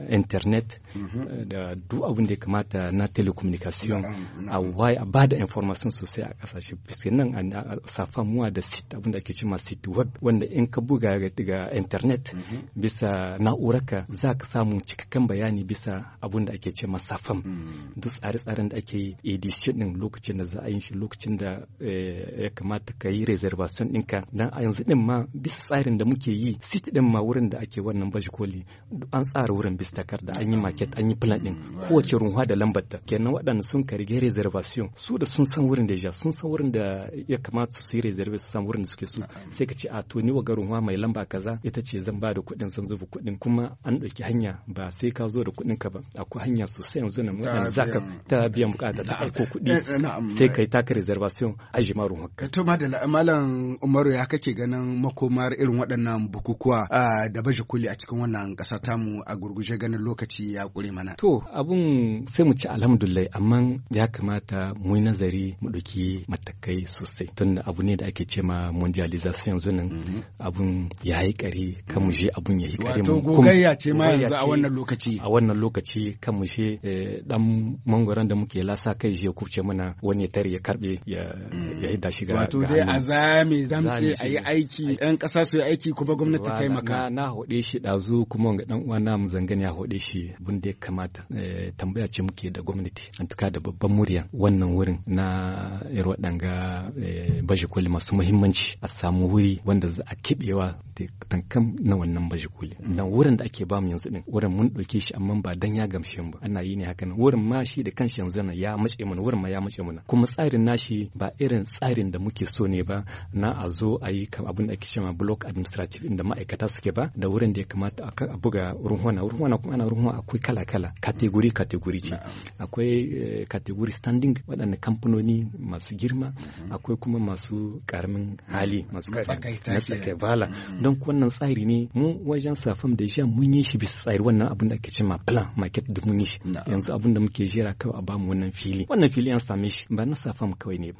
internet mm-hmm. eh, da duk abin da ya kamata na telecommunication a waya a bada information sosai kasashe biske nan a safa da sit abin da ake cima sit web wanda in ka buga daga internet mm-hmm. bisa na'uraka. za ka samu cikakken bayani bisa abin da ake cima safam mm. duk tsare-tsaren da ake yi edition din lokacin da za a yi shi lokacin da eh, ya kamata ka yi reservation ɗinka dan a yanzu din ma bisa tsarin da muke yi sit din ma wurin da ake wannan baji koli an tsara wurin bisa takarda an yi market an yi plan din mm, kowace runwa da lambar ta kenan waɗanda sun ka reservation su da sun san wurin da ya sun sun san wurin da ya kamata su yi reserve su san wurin da suke so sai ka ce a to ni wa garin mai lamba kaza ita ce zan ba da kuɗin zan zuba kuɗin kuma an ɗauki hanya ba sai ka zo da kuɗin ka ba akwai hanya sosai yanzu na mutane za ka ta biyan bukata ta aiko kuɗi eh, sai ka yi taka reservation a jimarun haka. to madalla malam umaru ya kake ganin makomar irin waɗannan bukukuwa da baje koli a cikin wannan ƙasa tamu a gurguje ganin lokaci ya ƙure mana. to abun sai mu ci alhamdulillah amma ya kamata mu yi nazari mu ɗauki matakai sosai tun abu ne da ake ce ma mondialization yanzu nan mhm. abun ya yi kare kan mu je abun ya yi kare wato gogayya ce ma yanzu a wannan lokaci a wannan lokaci kan mu je dan eh, mangwaron da muke lasa kai je kubce mana wani ya tare ya karbe ya mm. yi da ga wato dai a zame zamse a yi aiki yan kasa su yi aiki kuma gwamnati taimaka na hode shi zu kuma ga dan uwana mu zangane ya hode shi bun da ya kamata eh, tambaya ce muke da gwamnati an tuka da babban murya wannan wurin na irin waɗanga eh, baje koli masu muhimmanci a samu wuri wanda za a kibewa da tankan na wannan baje koli wurin da ake bamu yanzu din wurin mun ɗauke shi amma ba dan ya gamshe mu ana yi ne haka nan wurin ma shi da kanshi yanzu nan ya mace mana wurin ma ya mace mana kuma tsarin shi ba irin tsarin da muke so ne ba na a zo a yi kam abin da ake cewa block administrative inda ma'aikata suke ba da wurin da ya kamata a buga ruhuna ruhuna kuma ana ruhuna akwai kala kala kategori kategori ce akwai kategori eh, standing waɗanne kamfanoni masu masu girma mhm. akwai kuma masu karamin hali masu kai bala mhm. don wannan tsari ne mu wajen safam da sha mun yi shi bisa tsari wannan abin da ake cewa plan market da mun yi shi yanzu abin da muke jira kawai a bamu wannan fili wannan fili an same shi ba na safam kawai ne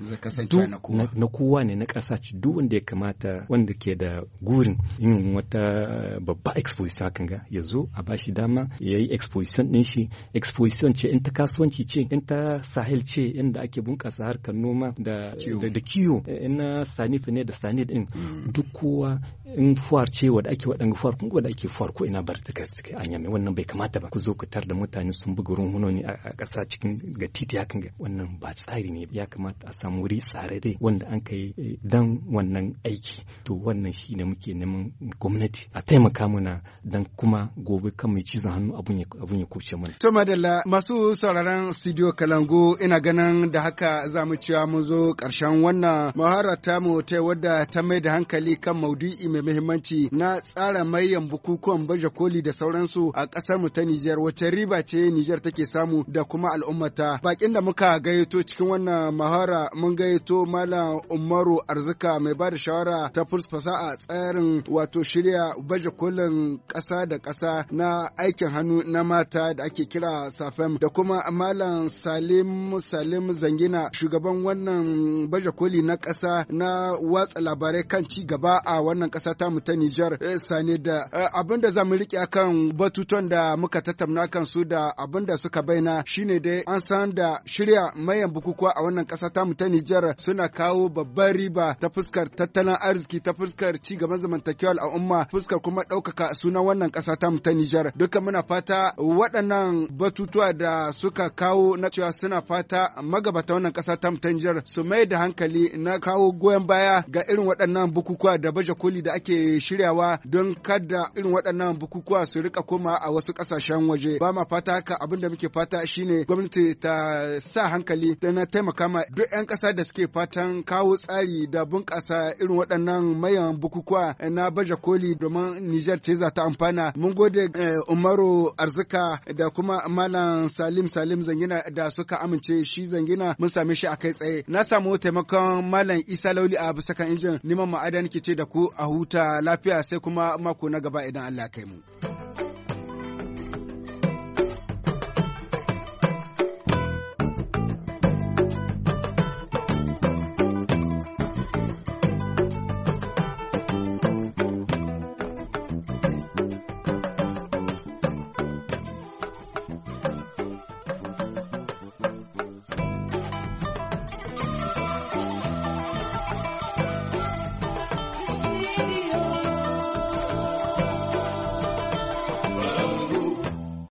na kowa ne na kasa ci duk wanda ya kamata wanda ke da gurin yin wata babba exposition hakan ga ya zo a bashi dama ya yi exposition din shi exposition ce in ta kasuwanci ce in ta sahel ce inda ake bunkasa harkar noma noma da da kiwo eh, na sani ne da sani din mm. duk kowa in fuwar ce wadda ake waɗanga fuwar kun wadda ake fuwar ko ina bar ta gaske an yame wannan bai kamata ba ku zo ku tar da mutane sun buga runhunoni a ƙasa cikin ga titi hakan ga wannan ba tsari ne ya kamata a samu wuri dai wanda an kai eh, dan wannan aiki to wannan shi ne muke neman gwamnati a taimaka mana dan kuma gobe kan mai cizon hannu abun ya kuce mana. to madalla masu sauraron studio kalangu ina ganin da haka za mu cewa haka mun zo ƙarshen wannan ta mu ta wadda ta mai da hankali kan maudu'i mai muhimmanci na tsara mayan bukukuwan baje koli da sauransu a ƙasar mu ta Nijar wacce riba ce Nijar take samu da kuma al'ummata. Bakin da muka gayyato cikin wannan mahara mun gayyato Malam Umaru arzuka mai ba da shawara ta fasaha tsarin wato shirya baje kolin ƙasa da ƙasa na aikin hannu na mata da ake kira SAFEM da kuma Malam Salim Salim Zangina shugaban wannan wannan baje koli na ƙasa na watsa labarai kan ci gaba a wannan ƙasa ta mu ta Nijar eh, sane da eh, abin da zamu rike akan batutuwan da muka tattauna kan su da abin da suka baina shine dai an san da shirya mayan bukukuwa a wannan ƙasa ta mu ta Nijar suna kawo babbar riba ta fuskar tattalin arziki ta fuskar ci gaban zamantakewa al'umma fuskar kuma ɗaukaka sunan wannan ƙasa ta mu ta Nijar duka muna fata waɗannan batutuwa da suka kawo na cewa suna fata magabata wannan ƙasa ta mu ta Nijar Nijar su mai da hankali na kawo goyon baya ga irin waɗannan bukukuwa da baje koli da ake shiryawa don kada irin waɗannan bukukuwa su rika koma a wasu ƙasashen waje. Ba ma fata haka abin da muke fata shine gwamnati ta sa hankali na taimaka ma duk 'yan ƙasa da suke fatan kawo tsari da bunƙasa irin waɗannan mayan bukukuwa na baje koli domin Nijar ce za ta amfana. Mun gode eh, Umaru Arzika da kuma Malam Salim Salim Zangina da suka amince shi Zangina mun same shi a kai tsaye na samu taimakon malam isa lauli a bisa kan injin neman ma'adani ke ce da ku a huta lafiya sai kuma mako na gaba idan allah kai mu.